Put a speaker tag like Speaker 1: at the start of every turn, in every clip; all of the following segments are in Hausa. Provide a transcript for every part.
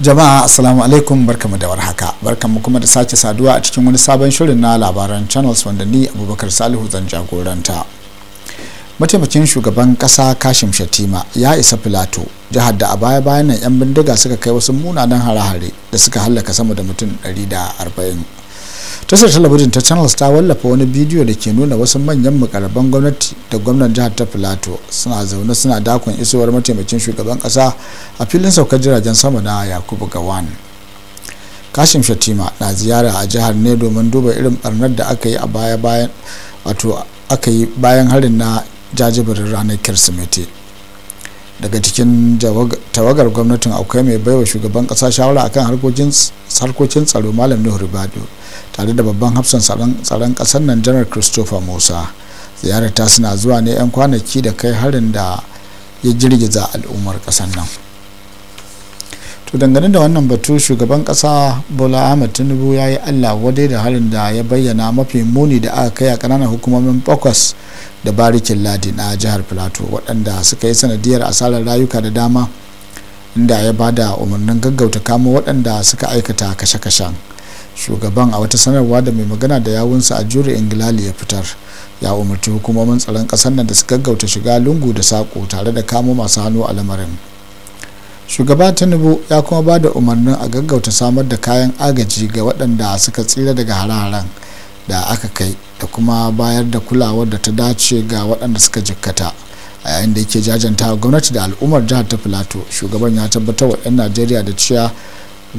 Speaker 1: jama'a assalamu alaikum barkamu da warhaka barkamu kuma da sace saduwa a cikin wani sabon shirin na labaran channels wanda ni abubakar salihu zan jagoranta mataimakin shugaban kasa kashim shatima ya isa filato jihar da a baya bayan nan yan bindiga suka kai wasu munanan hare-hare da suka hallaka sama da mutum 140 tasar talabijin ta channels ta wallafa wani bidiyo da ke nuna wasu manyan mukarraban gwamnati da gwamnan jihar ta filato suna zaune suna dakon isowar mataimakin shugaban kasa a filin saukar jiragen sama na yakubu gawan kashim shatima na ziyara a jihar ne domin duba irin barnar da aka yi a baya bayan wato aka yi bayan harin na jajibirin ranar kirsimeti daga cikin tawagar gwamnatin akwai mai baiwa shugaban kasa shawara akan harkokin tsaro malam nuhu ribadu tare da babban hafsan tsaron kasar nan janar christopher musa ziyarar ta suna zuwa ne 'yan kwanaki da kai harin da ya girgiza al'ummar kasar nan to dangane da wannan batu shugaban kasa bola ahmed tinubu ya yi allah wadai da harin da ya bayyana mafi muni da aka kai a kananan hukumomin bakwas da barikin ladi na jihar plateau waɗanda suka yi sanadiyar asarar rayuka da dama inda ya bada umarnin gaggauta kamo waɗanda suka aikata kashe-kashen shugaban a wata sanarwa da mai magana da yawunsa a jure ingilali ya fitar ya umarci hukumomin tsaron ƙasar nan da su gaggauta shiga lungu da saƙo tare da kamo masu hannu a lamarin shugaba tinubu ya kuma ba da umarnin a gaggauta samar da kayan agaji ga waɗanda suka tsira daga hare-haren da aka kai da kuma bayar da kulawar da ta dace ga waɗanda suka jikkata a yayin da yake jajanta gwamnati da al'ummar jihar ta filato shugaban ya tabbatar wa 'yan najeriya da cewa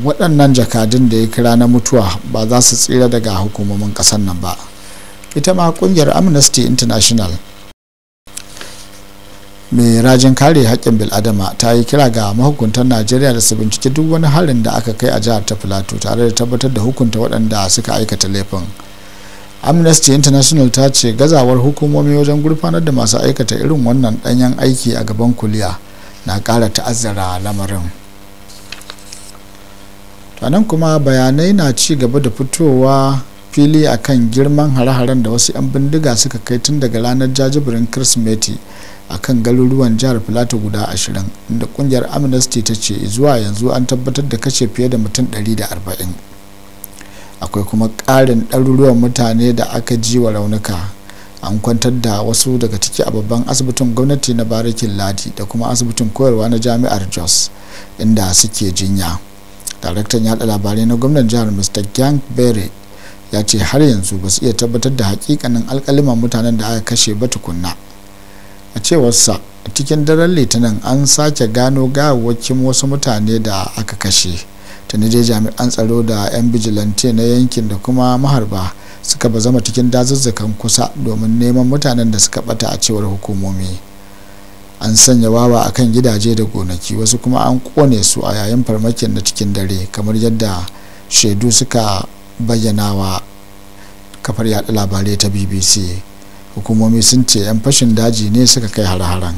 Speaker 1: waɗannan jakadun da ya kira na mutuwa ba za su tsira daga hukumomin ƙasar nan ba ita ma ƙungiyar amnesty international mai rajin kare haƙƙin bil'adama ta yi kira ga mahukuntan najeriya da su bincike duk wani harin da aka kai a jihar ta filato tare da tabbatar da hukunta waɗanda suka aikata laifin amnesty international ta ce gazawar hukumomi wajen gurfanar da masu aikata irin wannan danyen aiki a gaban kuliya na kara ta'azzara lamarin nan kuma bayanai na ci gaba da fitowa fili akan girman hare-haren da wasu 'yan bindiga suka kai tun daga ranar jajibirin kirsimeti a kan garuruwan jihar filato guda ashirin inda kungiyar amnesty ta ce zuwa yanzu an tabbatar da kashe fiye da mutum 140 akwai kuma ƙarin ɗaruruwan mutane da aka ji wa raunuka an kwantar da wasu daga ciki a babban asibitin gwamnati na barikin ladi da kuma asibitin koyarwa na jami'ar jos inda suke jinya daraktan yada labarai na gwamnan jihar mr gang bere ya ce har yanzu ba su iya tabbatar da hakikanin alkaliman mutanen da aka kashe ba tukunna a cewarsa cikin daren litinin an sake gano gawawwakin wasu mutane da aka kashe. tuni dai jami'an tsaro da 'yan bijilante na yankin da kuma maharba suka ba zama cikin dazuzzukan kusa domin neman mutanen da suka bata a cewar hukumomi an sanya wawa a kan gidaje da gonaki wasu kuma an kone su a yayin farmakin na cikin dare kamar yadda shaidu suka bayyana wa kafar yada labarai ta bbc hukumomi sun ce 'yan fashin daji ne suka kai har-haren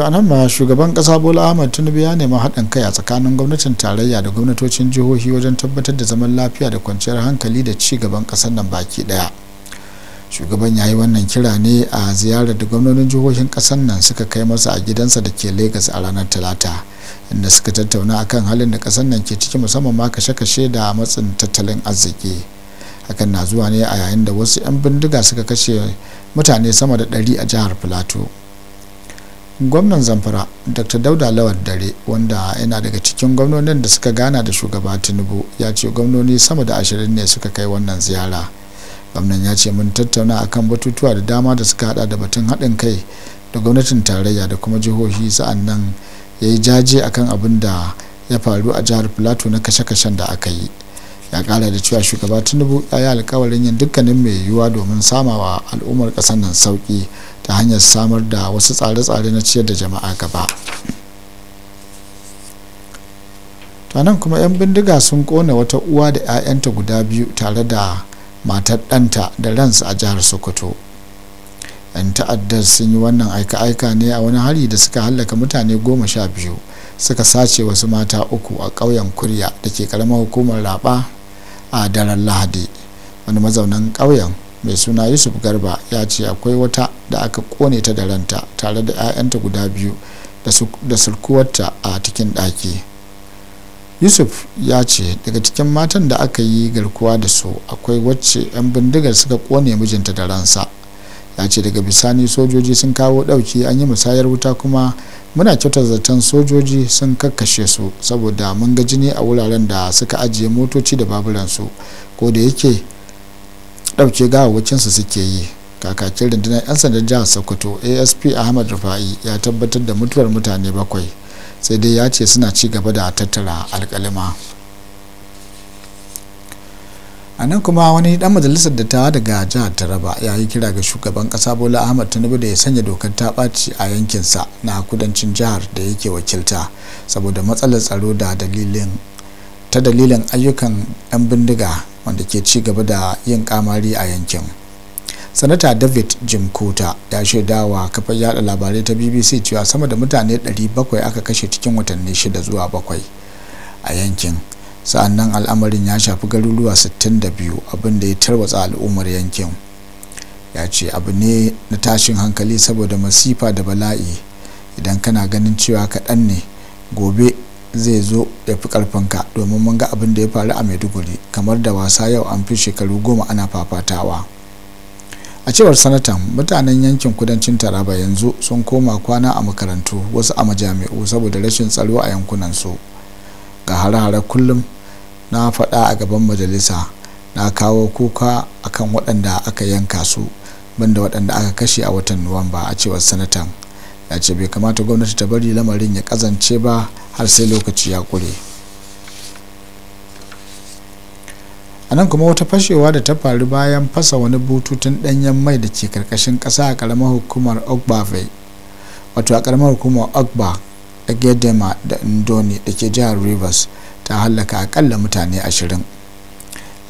Speaker 1: to anan ma shugaban kasa bola ahmad tinubu ya nemi haɗin kai a tsakanin gwamnatin tarayya da gwamnatocin jihohi wajen tabbatar da zaman lafiya da kwanciyar hankali da ci gaban ƙasar nan baki ɗaya shugaban ya yi wannan kira ne a ziyarar da gwamnonin jihohin ƙasar nan suka kai masa a gidansa da ke lagos a ranar talata inda suka tattauna akan halin da ƙasar nan ke ciki musamman ma kashe-kashe da matsin tattalin arziki hakan na zuwa ne a yayin da wasu 'yan bindiga suka kashe mutane sama da 100 a jihar plateau gwamnan zamfara dr dauda lawal dare wanda yana daga cikin gwamnonin da suka gana da shugaba tinubu ya ce gwamnoni sama da ashirin ne suka kai wannan ziyara gwamnan ya ce mun tattauna akan batutuwa da dama da suka hada da batun haɗin kai da gwamnatin tarayya da kuma jihohi sa'an nan ya yi jaje akan abin da ya faru a jihar plateau na kashe-kashen da aka yi ya kara da cewa shugaba tinubu ya yi alkawarin yin dukkanin mai yiwuwa domin samawa al'ummar kasar nan sauki ta hanyar samar da wasu tsare-tsare na ciyar da jama'a gaba nan kuma 'yan bindiga sun kone wata uwa da 'ya'yanta guda biyu tare da matar ɗanta da ransu a jihar sokoto 'yan ta'addar sun yi wannan aika-aika ne a wani hari da suka hallaka mutane goma sha biyu suka sace wasu mata uku a ƙauyen kurya da ke karamar hukumar raba a daren lahadi wani mazaunan ƙauyen mai suna yusuf garba ya ce akwai wata da aka kone ta da ranta tare da 'ya'yanta guda biyu da sulkuwarta a cikin ɗaki yusuf ya ce daga cikin matan da aka yi garkuwa da su akwai wacce 'yan bindigar suka kone mijinta da ransa ya ce daga bisani sojoji sun kawo dauki an yi musayar wuta kuma muna kyautar zaton sojoji sun kakkashe su saboda mun ga jini a wuraren da suka ajiye motoci da baburansu ko da yake ɗauke gawawacinsu suke yi kakakin rundunar 'yan sandan jihar sokoto asp ahmad rufa'i ya tabbatar da mutuwar mutane bakwai sai dai ya ce suna ci gaba da tattara alkalima a nan kuma wani dan majalisar dattawa daga jihar taraba ya yi kira ga shugaban kasa bola ahmad tinubu da ya sanya dokar ta ɓaci a yankinsa na kudancin jihar da yake wakilta saboda matsalar tsaro da dalilin ta dalilin ayyukan 'yan bindiga wanda ke ci gaba da yin kamari a yankin sanata david jim kota ya shaida wa kafar yada labarai ta bbc cewa sama da mutane 700 aka kashe cikin watanni shida zuwa 7 a yankin sa'annan al'amarin ya shafi garuruwa 62 abinda ya tarwatsa al'ummar yankin ya ce abu ne na tashin hankali saboda masifa da bala'i idan kana ganin cewa kaɗan ne gobe zai zo ya fi ƙarfinka domin mun ga abin da ya faru a maiduguri kamar da wasa yau an fi shekaru goma ana fafatawa a cewar sanatan mutanen yankin kudancin taraba yanzu sun koma kwana a makarantu wasu a majami'u saboda rashin tsaro a yankunan su da hare-hare kullum na faɗa a gaban majalisa na kawo kuka akan waɗanda aka yanka su banda waɗanda aka kashe a watan nuwamba a cewar sanatan ya ce bai kamata gwamnati ta bari lamarin ya kazance ba har sai lokaci ya kure a nan kuma wata fashewa da ta faru bayan fasa wani bututun ɗanyen mai da ke karkashin ƙasa a ƙaramar hukumar wato a ƙaramar hukumar ogba gedema da indoni da ke jihar rivers ta hallaka akalla mutane ashirin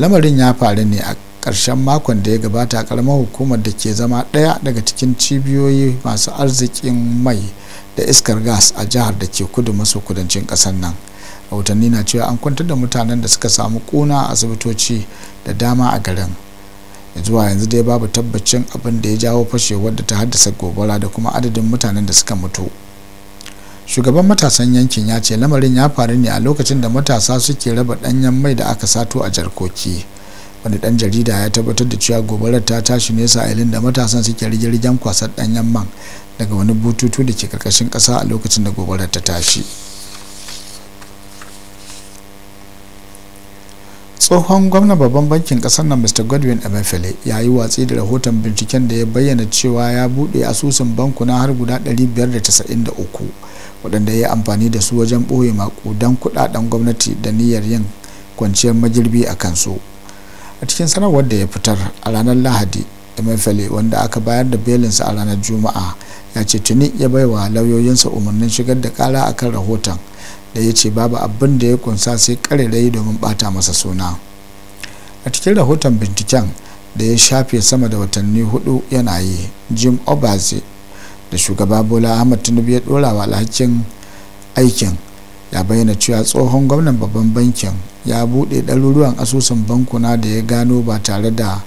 Speaker 1: lamarin ya faru ne a ƙarshen makon da ya gabata a karamar hukumar da ke zama ɗaya daga cikin cibiyoyi masu arzikin mai da iskar gas a jihar da ke kudu maso kudancin ƙasar nan rahotanni na cewa an kwantar da mutanen da suka samu kuna a asibitoci da dama a garin zuwa yanzu dai babu tabbacin abin da ya jawo fashewar da ta haddasa gobara da kuma adadin mutanen da suka mutu shugaban matasan yankin ya ce lamarin ya faru ne a lokacin da matasa suke raba danyen mai da aka sato a jarkoki wani dan jarida ya tabbatar da cewa gobarar ta tashi ne sa'ilin da matasan suke rigirgen kwasar danyen man daga wani bututu da ke karkashin kasa a lokacin da gobarar ta tashi tsohon gwamna babban bankin kasar nan mr godwin emefele ya yi watsi da rahoton binciken da ya bayyana cewa ya buɗe asusun bankuna har guda 593 waɗanda ya amfani da su wajen ɓoye makudan kuɗaɗen gwamnati da niyyar yin kwanciyar magirbi a kansu a cikin sanarwar da ya fitar a ranar lahadi emefele wanda aka bayar da belinsa a ranar juma'a ya ce tuni ya bai wa lauyoyinsa umarnin shigar da kara kan rahoton da ya ce babu abin da ya kunsa sai karerai domin bata masa suna a cikin rahoton binciken da ya shafe sama da watanni hudu yana yi jim obaze da shugaba bola ahmad tinubu ya dora wa alhakin aikin ya bayyana cewa tsohon gwamnan babban bankin ya buɗe ɗaruruwan asusun bankuna da ya gano ba tare da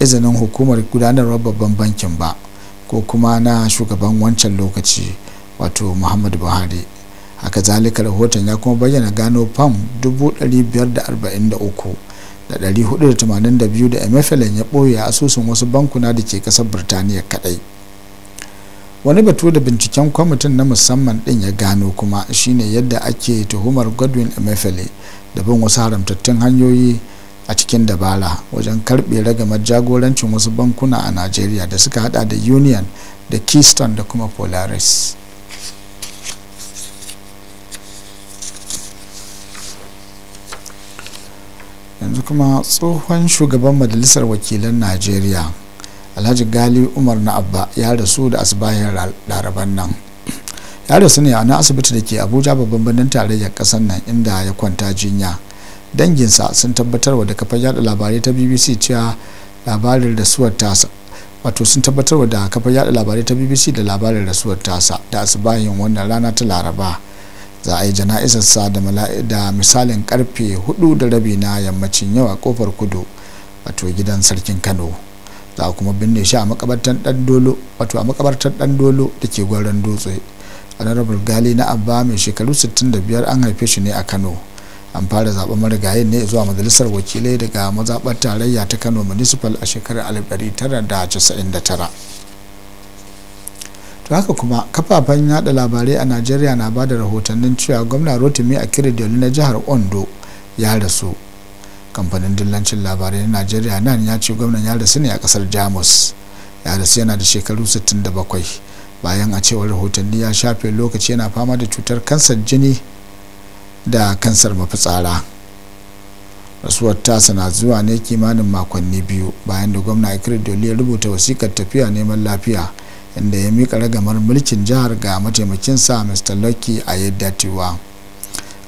Speaker 1: izinin hukumar gudanarwar babban bankin ba ko kuma na shugaban wancan lokaci wato muhammadu buhari haka zalika rahoton ya kuma bayyana gano fam 543 da 482 da mfl ya ɓoye asusun wasu bankuna da ke ƙasar birtaniya kaɗai wani batu da binciken kwamitin na musamman din ya gano kuma shine yadda ake tuhumar godwin emefiele da bin wasu haramtattun hanyoyi a cikin dabara wajen karbe ragamar jagorancin wasu bankuna a nigeria da suka hada da union da keystone da kuma polaris yanzu kuma tsohon shugaban majalisar wakilan nigeria. alhaji gali umar na abba ya rasu da asibahin laraban nan ya rasu ne a na asibiti da ke abuja babban birnin tarayyar kasar nan inda ya kwanta jinya danginsa sun wa da kafar yada labarai ta bbc cewa labarin rasuwar tasa wato sun da kafar yada labarai ta bbc da labarin rasuwar tasa da asibahin wannan rana ta laraba za a yi jana'izarsa da misalin karfe hudu da rabi na yammacin yau a kofar kudu wato gidan sarkin kano za a kuma binne shi a makabartar dan dolo wato a makabartar dan dolo da ke gwaran dutse honorable gali na abba mai shekaru 65 an haife shi ne a kano an fara zaben marigayin ne zuwa majalisar wakilai daga mazaɓar tarayya ta kano municipal a shekarar 1999 to haka kuma kafafen yada labarai a najeriya na ba da rahotannin cewa gwamna rotimi a kiridolu na jihar ondo ya rasu kamfanin dillancin labarai na najeriya nan ya ce gwamnan ya rasu ne a kasar jamus ya rasu yana da shekaru 67 bayan a cewar rahotanni ya shafe lokaci yana fama da cutar kansar jini da kansar mafitsara rasuwar tasa na zuwa ne kimanin makonni biyu bayan da gwamna ikir doli ya rubuta wasikar tafiya neman lafiya inda ya mika ragamar mulkin jihar ga mataimakinsa mr lucky a yadda tiwa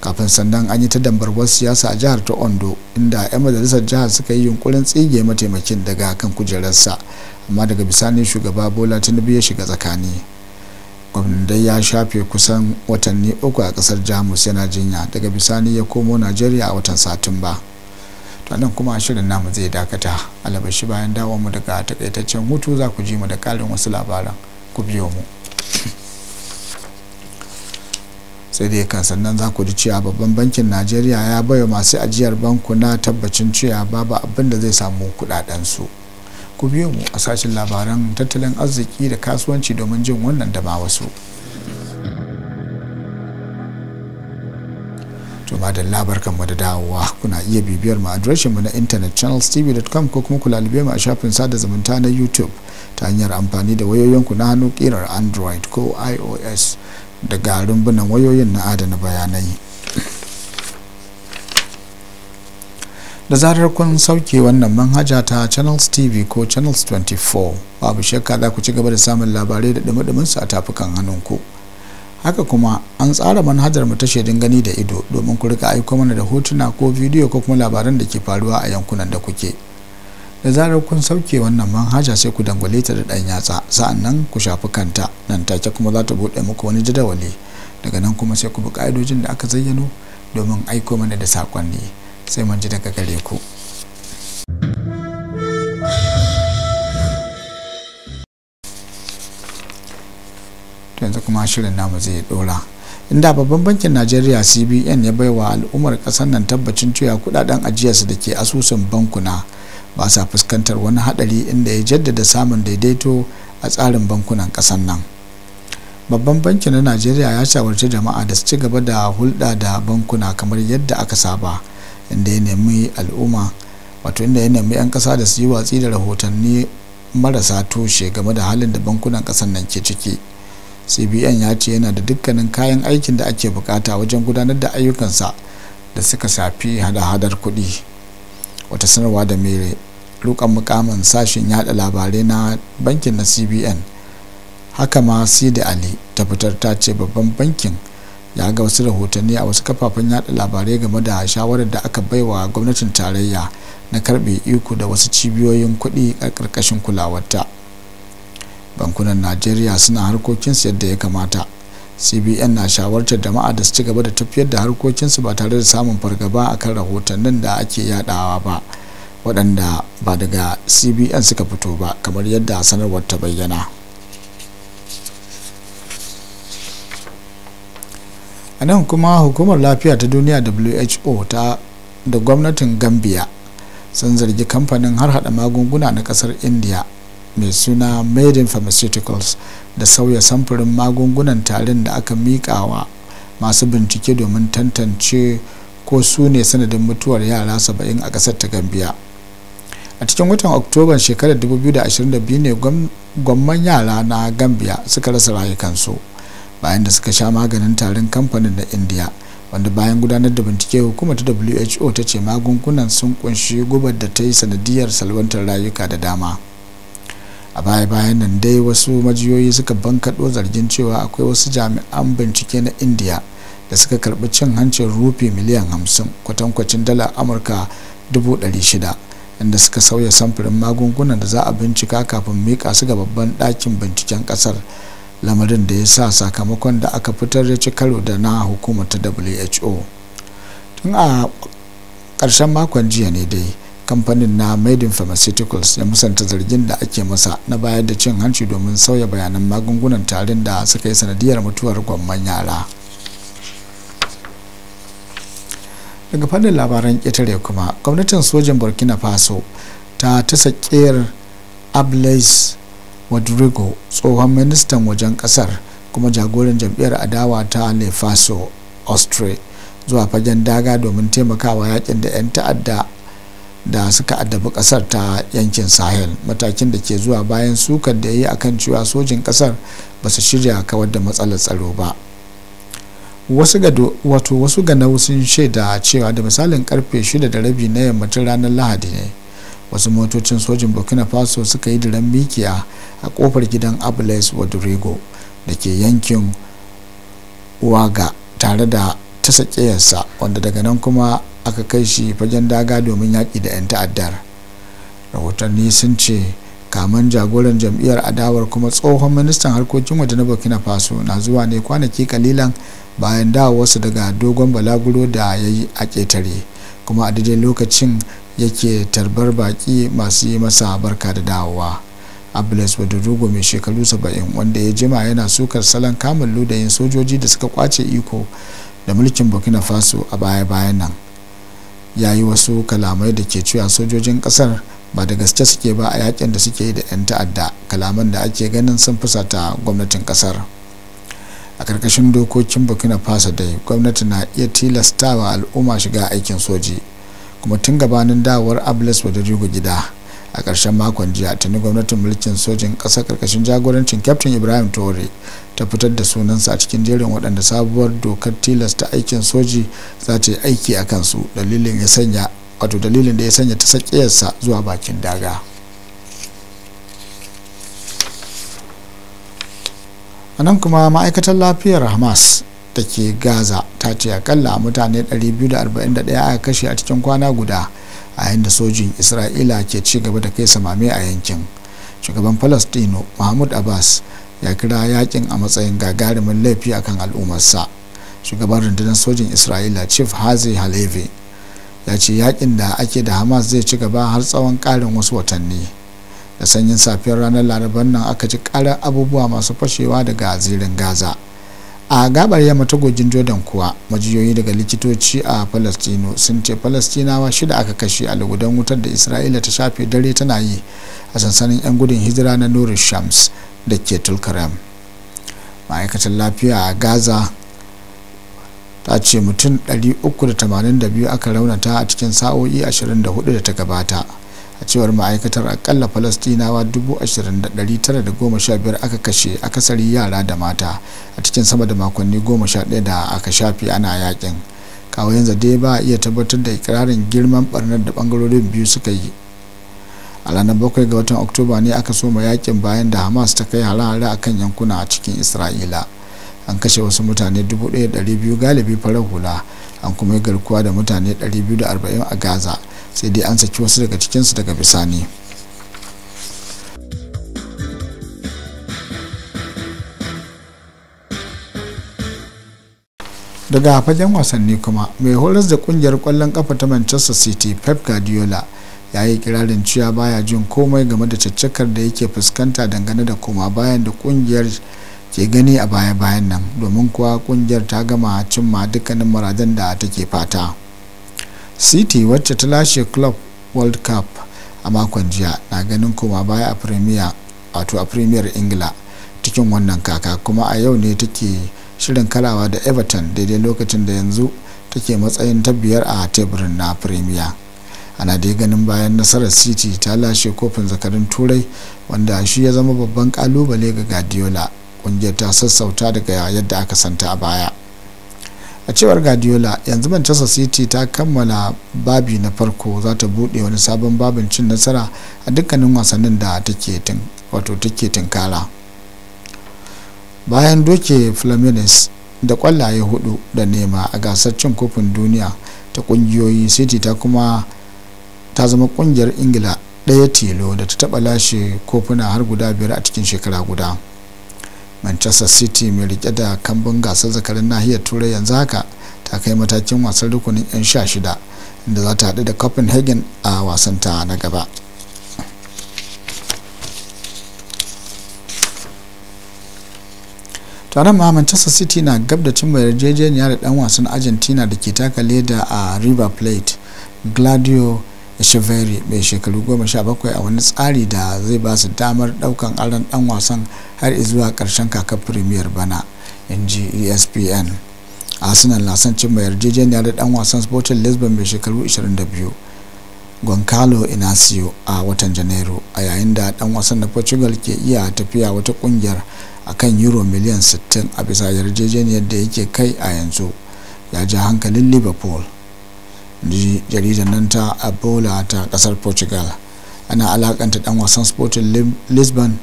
Speaker 1: kafin sandan an yi ta dambarwar siyasa a jihar ta ondo inda 'yan majalisar jihar suka yi yunkurin tsige mataimakin daga kan kujerarsa amma daga bisani shugaba bola tinubu ya shiga tsakani gwamnan ya shafe kusan watanni uku a kasar jamus yana jinya daga bisani ya komo najeriya a watan satumba to nan kuma shirin namu zai dakata alabashi bayan dawo mu daga takaitaccen hutu za ku ji mu da karin wasu labaran ku biyo mu sai dai kan sannan za ku ji cewa babban bankin najeriya ya baiwa masu ajiyar banku na tabbacin cewa babu abin da zai samu su ku biyo mu a sashen labaran tattalin arziki da kasuwanci domin jin wannan da ma wasu to da labar mu da dawowa kuna iya bibiyar mu adireshinmu na intanet channelstv.com ko kuma kula mu a shafin sada zumunta na youtube ta hanyar amfani da wayoyinku na hannu kirar android ko ios daga rumbunan wayoyin na adana bayanai da zarar kun sauke wannan manhaja ta channels tv ko channels 24 babu shakka za ku ci gaba da samun labarai da dumi su a tafukan hannunku haka kuma an tsara manhajar mu ta shaidun gani da ido domin ku rika aiko mana da hotuna ko bidiyo ko kuma labaran da ke faruwa a yankunan da kuke. da zarar kun sauke wannan manhaja sai ku dangwale ta da ɗan yatsa sa'an nan ku shafi kanta nan take kuma za ta buɗe muku wani jadawali daga nan kuma sai ku bi ka'idojin da aka zayyano domin aiko mana da sakonni sai mun ji daga gare ku. yanzu kuma shirin namu zai dora inda babban bankin najeriya cbn ya baiwa al'ummar kasar nan tabbacin cewa kudaden ajiyarsu da ke asusun bankuna ba sa fuskantar wani hadari inda ya jaddada samun daidaito a tsarin bankunan ƙasar nan babban banki na najeriya ya shawarci jama'a da su ci gaba da hulɗa da bankuna kamar yadda aka saba inda ya nemi al'umma wato inda ya nemi 'yan ƙasa da su yi watsi da rahotanni marasa tushe game da halin da bankunan ƙasar nan ke ciki cbn ya ce yana da dukkanin kayan aikin da ake bukata wajen gudanar da ayyukansa da suka shafi hada-hadar kuɗi. wata sanarwa da mere rukan mukamin sashen yada labarai na bankin na cbn haka ma sidi ali ta fitar ta ce babban bankin ya ga wasu rahotanni a wasu kafafen yada labarai game da shawarar da aka baiwa gwamnatin tarayya na karbe iko da wasu cibiyoyin kuɗi a ƙarƙashin kulawarta bankunan najeriya suna harkokinsu yadda ya kamata cbn na shawartar jama'a da su ci gaba da tafiyar da harkokinsu ba tare da samun fargaba a akan rahotannin da ake yadawa ba waɗanda ba daga cbn suka fito ba kamar yadda sanarwar ta bayyana a nan kuma hukumar lafiya ta duniya who ta da gwamnatin gambia sun zargi kamfanin har hada magunguna na kasar india mai suna made in pharmaceuticals da sauya samfurin magungunan tarin da aka wa masu bincike domin tantance ko su ne sanadin mutuwar yara saba'in a ƙasar ta gambiya a cikin watan oktoba shekarar 2022 ne gwamman yara na gambiya suka rasa rayukansu bayan da suka sha maganin tarin kamfanin na india wanda bayan gudanar da bincike hukumar ta who ta ce magungunan sun kunshi gubar da ta yi sanadiyar salwantar rayuka da dama a baya-bayan nan dai wasu majiyoyi suka bankaɗo zargin cewa akwai wasu jami'an bincike na indiya da suka karɓi cin hancin rufi miliyan 50 kwatankwacin dala amurka 600 inda suka sauya samfurin magungunan da za a bincika kafin mika su ga babban ɗakin binciken ƙasar lamarin da ya sa sakamakon da aka fitar ya ci karo da na hukumar ta who tun a ƙarshen makon jiya ne dai kamfanin na made in pharmaceuticals ya musanta zargin da ake masa na bayar da cin hanci domin sauya bayanan magungunan tarin da suka yi sanadiyar mutuwar gwamman yara daga fannin labaran ƙetare kuma gwamnatin sojin burkina faso ta tasa ƙiyar ablaise rodrigo tsohon ministan wajen ƙasar kuma jagoran jam'iyyar adawa ta lefaso austria zuwa fagen daga domin taimakawa yakin da 'yan ta'adda da suka addabi kasar ta yankin sahel matakin da ke zuwa bayan sukar da ya yi akan cewa sojin kasar ba su shirya kawar da matsalar tsaro ba wasu wato wasu ganau sun shaida cewa da misalin karfe 6.30 na yammacin ranar lahadi ne wasu motocin sojin burkina faso suka yi diran mikiya a kofar gidan abulais wadurigo da ke yankin waga tare da ta wanda daga nan kuma aka kai shi fagen daga domin yaƙi da 'yan ta'addar rahotanni sun ce kaman jagoran jam'iyyar adawar kuma tsohon ministan harkokin waje na burkina faso na zuwa ne kwanaki kalilan bayan wasu daga dogon balaguro da ya yi a ƙetare kuma a daidai lokacin yake tarbar baƙi masu yi masa barka da dawowa abdullahi badurugo mai shekaru 70 wanda ya jima yana sukar salon kamun ludayin sojoji da suka kwace iko da mulkin burkina faso a baya-bayan nan ya yi wasu kalamai da ke cewa sojojin kasar ba da gaske suke ba a yakin da suke yi da 'yan ta'adda kalaman da ake ganin sun fusata gwamnatin kasar a karkashin dokokin burkina faso dai gwamnati na iya tilastawa al'umma shiga aikin soji kuma tun gabanin dawowar ablas wadda gida a ƙarshen makon jiya tuni gwamnatin mulkin sojin ƙasa ƙarƙashin jagorancin captain ibrahim tore ta fitar da sunansa a cikin jerin waɗanda sabuwar dokar tilasta aikin soji za ta yi aiki a kansu dalilin ya sanya wato dalilin da ya sanya ta sakiyarsa zuwa bakin daga a nan kuma ma'aikatar lafiyar hamas da ke gaza ta ce akalla mutane 241 aka kashe a cikin kwana guda a yayin da sojin isra'ila ke ci gaba da kai samame a yankin shugaban palestino mahmud abbas ya kira yakin a matsayin gagarumin laifi a kan al'ummarsa shugaban rundunar sojin isra'ila chief hazi halevi ya ce yakin da ake da hamas zai ci gaba har tsawon karin wasu watanni da sanyin safiyar ranar laraban nan aka ji karar abubuwa masu fashewa daga zirin gaza a gabar yamma ta gojin jordan kuwa majiyoyi daga likitoci a palestino sun ce palestinawa shida aka kashe a lugudan wutar da isra'ila ta shafe dare tana yi a sansanin 'yan gudun hijira na nori shams da ke tulkaram ma'aikatar lafiya a gaza ta ce mutum 382 aka raunata a cikin sa'o'i 24 da ta gabata a cewar ma'aikatar akalla falastinawa 20,915 aka kashe akasari yara da mata a cikin sama da makonni 11 da aka shafi ana yakin kawo yanzu dai ba iya tabbatar da ikirarin girman barnar da bangarorin biyu suka yi a ranar bakwai ga watan oktoba ne aka soma yakin bayan da hamas ta kai hare-hare akan yankuna a cikin isra'ila an kashe wasu mutane 1,200 galibi farar hula an kuma yi garkuwa da mutane 240 a gaza sai dai an saki wasu daga cikinsu daga bisani daga fagen wasanni kuma mai horas da kungiyar kwallon kafa ta manchester city pep guardiola ya yi kirarin cewa baya jin komai game da caccakar da yake fuskanta dangane da koma bayan da kungiyar ke gani a baya-bayan nan domin kuwa kungiyar ta gama cimma dukkanin muradan da take fata city wacce ta lashe club world cup a makon jiya na ganin koma baya a premier wato a premier ingila cikin wannan kaka kuma a yau ne take shirin kalawa da everton daidai lokacin da yanzu take matsayin ta biyar a teburin na premier ana dai ganin bayan nasarar city ta lashe kofin zakarin turai wanda shi ya zama babban kalubale ga guardiola kungiyar ta sassauta daga yadda aka santa a baya a cewar guardiola yanzu manchester city ta kammala babi na farko za ta buɗe wani sabon babin cin nasara a dukkanin wasannin da take tinkara bayan doke flamines da kwallaye hudu da nema a gasar cin kofin duniya ta kungiyoyi city ta kuma ta zama kungiyar ingila ɗaya tilo da ta taɓa lashe kofuna har guda biyar a cikin shekara guda. manchester city mai rike da kambun gasar zakarin nahiyar turai yanzu haka ta kai matakin wasan rukunin 'yan sha shida inda za ta haɗu da copenhagen a wasan ta na gaba tare ma manchester city na gab da cin yarjejeniya da dan wasan argentina da ke taka leda a river plate gladio Echeverri mai shekaru goma sha bakwai a wani tsari da zai ba su damar daukan aron dan wasan har zuwa karshen kakar Premier bana in ji ESPN. Arsenal na son cimma yarjejeniya da dan wasan Sporting Lisbon mai shekaru 22 Goncalo Inacio a watan Janairu a yayin da dan wasan na Portugal ke iya tafiya wata kungiyar kan euro miliyan 60 a bisa yarjejeniyar da yake kai a yanzu ya ja hankalin Liverpool. jaridar nan ta abola ta kasar portugal ana alakanta dan wasan sporting lisbon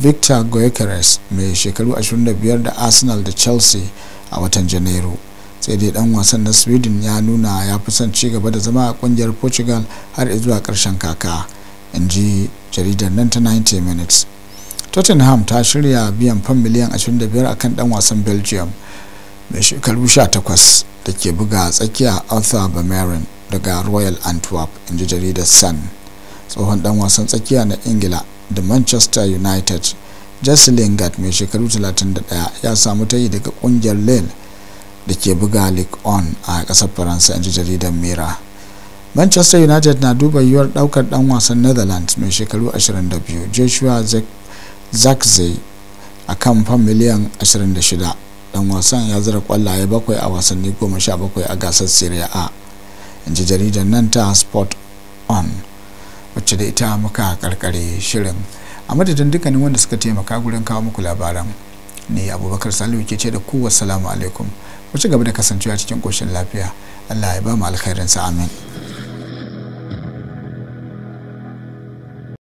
Speaker 1: victor goykeres mai shekaru 25 da arsenal da chelsea a watan janairu sai dai dan wasan na sweden ya nuna ya fi son ci gaba da zama a kungiyar portugal har zuwa karshen kaka in ji jaridar nan ta 90 minutes tottenham ta shirya biyan fan miliyan 25 akan dan wasan belgium mai shekaru 18 da ke buga tsakiya arthur bamerin daga royal antwerp inji jaridar sun tsohon dan wasan tsakiya na ingila da manchester united jesse lingard mai shekaru 31 ya samu ta yi daga kungiyar lille da ke buga league on a kasar faransa inji jaridar mira manchester united na duba yiwuwar daukar dan wasan netherlands mai shekaru 22 joshua zakzai a kan fam miliyan 26 dan wasan ya zira kwallaye bakwai a wasanni goma sha bakwai a gasar serie a in ji jaridar nan ta sport on wacce da ita muka karkare shirin a madadin dukkanin wanda suka taimaka gurin kawo muku labaran ne abubakar salihu ke ce da ku Salamu alaikum ku ci gaba da kasancewa cikin koshin lafiya allah ya ba mu alkhairinsa amin